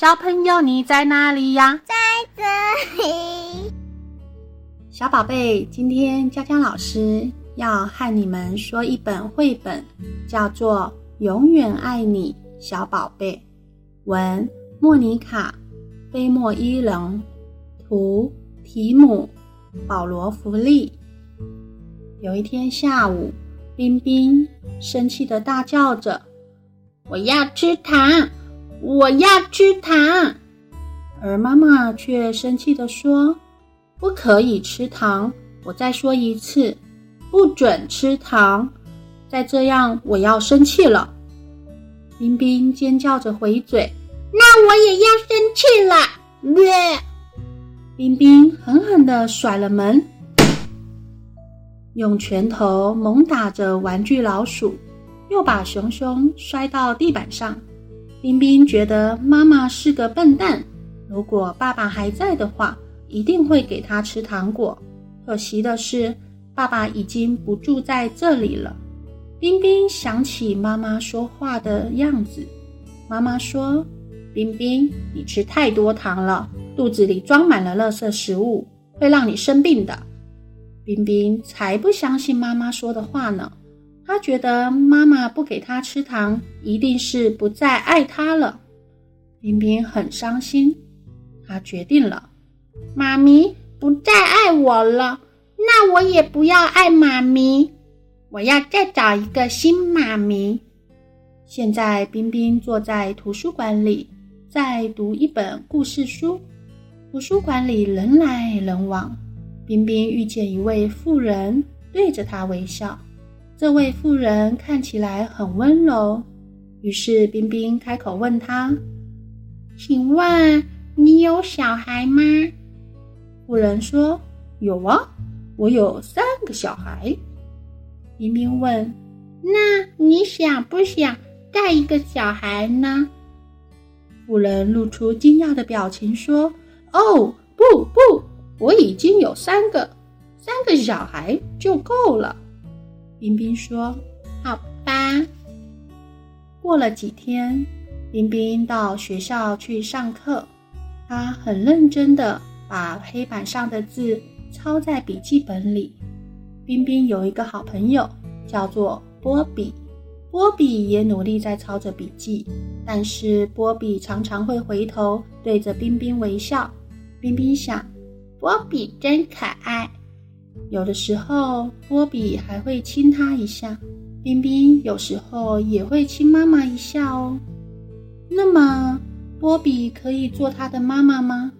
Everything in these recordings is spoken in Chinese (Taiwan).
小朋友，你在哪裡呀？在這裡。小寶貝，今天佳佳老師要和你們說一本繪本，叫做《永遠愛你，小寶貝》。文：莫妮卡·菲莫伊人，圖：提姆·保羅·弗利。有一天下午，彬彬生氣的大叫着：“我要吃糖。”我要吃糖，而媽媽卻生氣地說：“不可以吃糖！我再說一次，不准吃糖！再這樣，我要生氣了！”冰冰尖叫着回嘴：“那我也要生氣了！”呃、冰冰狠狠地甩了門，用拳頭猛打着玩具老鼠，又把熊熊摔到地板上。冰冰覺得媽媽是個笨蛋，如果爸爸還在的話，一定會給他吃糖果。可惜的是，爸爸已經不住在這裡了。冰冰想起媽媽說話的樣子，媽媽說：“冰冰，你吃太多糖了，肚子裡裝滿了垃圾食物，會讓你生病的。”冰冰才不相信媽媽說的話呢。他覺得媽媽不給他吃糖，一定是不再愛他了。冰冰很傷心，他決定了：媽咪不再愛我了，那我也不要愛媽咪，我要再找一個新媽咪。現在，冰冰坐在圖書館裡，在讀一本故事書。圖書館裡人來人往，冰冰遇見一位婦人，對着她微笑。這位婦人看起來很溫柔，於是冰冰開口問她：“請問你有小孩嗎？”婦人說：“有啊，我有三個小孩。”冰冰問：“那你想不想帶一個小孩呢？”婦人露出驚訝的表情說：“哦，不不，我已經有三個，三個小孩就夠了。”冰冰說：“好吧。”過了幾天，冰冰到學校去上課，他很認真地把黑板上的字抄在筆記本裡。冰冰有一個好朋友，叫做波比。波比也努力在抄着筆記，但是波比常常會回頭對着冰冰微笑。冰冰想：“波比真可愛。”有的時候，波比還會親他一下。冰冰有時候也會親媽媽一下哦。那麼，波比可以做他的媽媽嗎？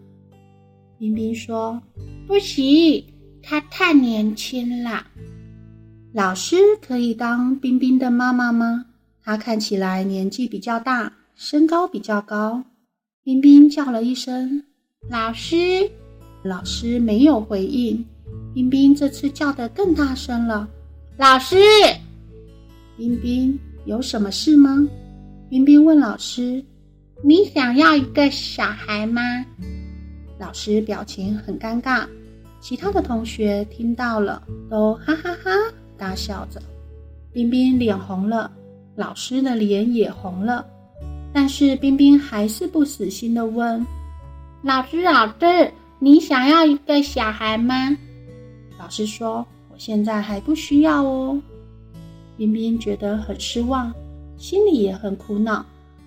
冰冰說：“不行，他太年輕了。”老師可以當冰冰的媽媽嗎？他看起來年紀比較大，身高比較高。冰冰叫了一聲：“老師。”老師沒有回應。冰冰這次叫得更大聲了。老師，冰冰有什麼事嗎？冰冰問老師：“你想要一個小孩嗎？”老師表情很尷尬，其他的同學聽到了都哈哈哈哈大笑着。冰冰臉紅了，老師的臉也紅了。但是冰冰還是不死心的問：“老師，老師，你想要一個小孩嗎？”老師說：“我現在還不需要哦。”冰冰覺得很失望，心裡也很苦惱。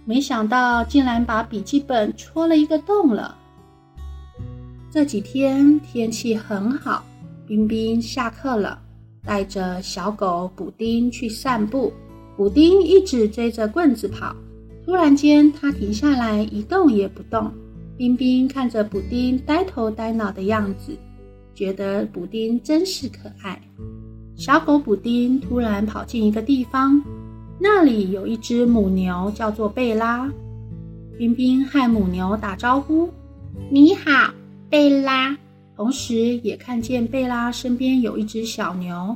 沒想到竟然把筆記本戳了一個洞了。這幾天天氣很好，冰冰下課了，帶着小狗補丁去散步。補丁一直追着棍子跑，突然間它停下來一動也不動。冰冰看着補丁呆頭呆腦的樣子。覺得補丁真是可愛。小狗補丁突然跑進一個地方，那裡有一隻母牛叫做貝拉。冰冰和母牛打招呼：“你好，貝拉。”同時也看見貝拉身邊有一隻小牛。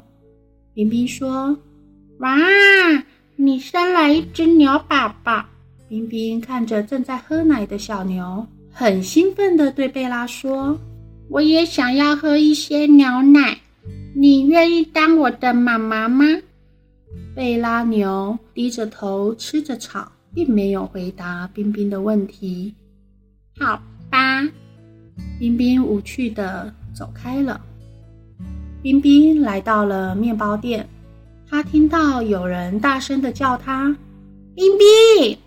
冰冰說：“哇，你生了一隻牛寶寶！”冰冰看着正在喝奶的小牛，很興奮地對貝拉說。我也想要喝一些牛奶，你願意當我的媽媽嗎？貝拉牛低着頭吃着草，並沒有回答冰冰的問題。好吧，冰冰無趣的走開了。冰冰來到了麵包店，他聽到有人大聲的叫他：“冰冰！”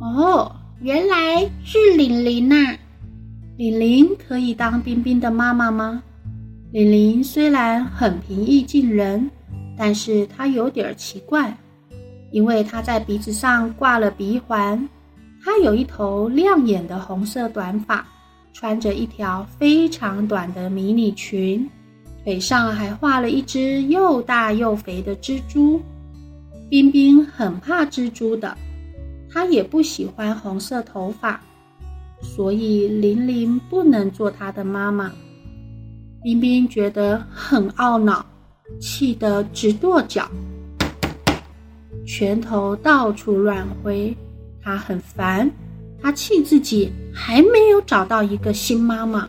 哦，原來是玲玲啊。李玲可以當冰冰的媽媽嗎？李玲雖然很平易近人，但是她有點奇怪，因為她在鼻子上掛了鼻環，她有一頭亮眼的紅色短髮，穿着一條非常短的迷你裙，腿上還畫了一隻又大又肥的蜘蛛。冰冰很怕蜘蛛的，她也不喜歡紅色頭髮。所以玲玲不能做她的媽媽，冰冰覺得很懊惱，氣得直跺腳，拳頭到處亂揮。他很煩，他氣自己還沒有找到一個新媽媽。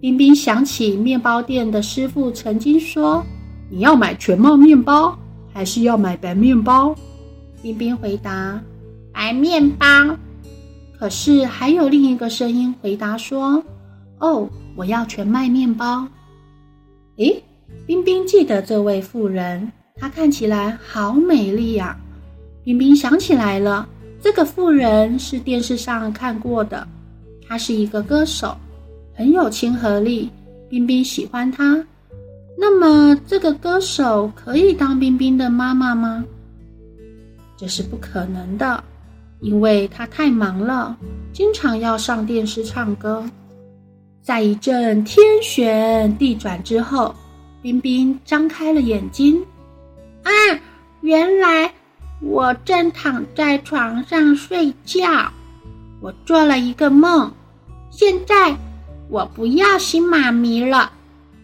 冰冰想起麵包店的師傅曾經說：“你要買全麥麵包，還是要買白麵包？”冰冰回答：“白麵包。”可是還有另一個聲音回答說：“哦，我要全麥麵包。”誒，哎，冰冰記得這位婦人，她看起來好美麗呀啊。冰冰想起來了，這個婦人是電視上看過的，她是一個歌手，很有親和力。冰冰喜歡她。那麼，這個歌手可以當冰冰的媽媽嗎？這是不可能的。因為他太忙了，經常要上電視唱歌。在一陣天旋地轉之後，冰冰張開了眼睛。啊，原來我正躺在床上睡覺。我做了一個夢。現在我不要新媽咪了，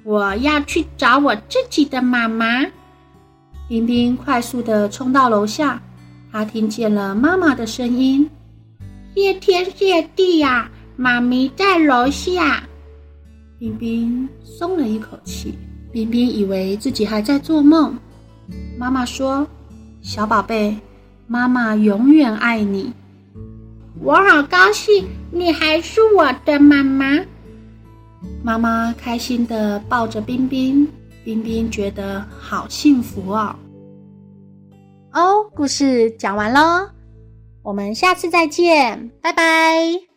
我要去找我自己的媽媽。冰冰快速地衝到樓下。他聽見了媽媽的聲音，謝天謝地呀、啊！媽咪在樓下，冰冰鬆了一口氣。冰冰以為自己還在做夢。媽媽說：“小寶貝，媽媽永遠愛你。”我好高興，你還是我的媽媽。媽媽開心地抱着冰冰，冰冰覺得好幸福哦。哦，故事講完嘍，我們下次再見，拜拜。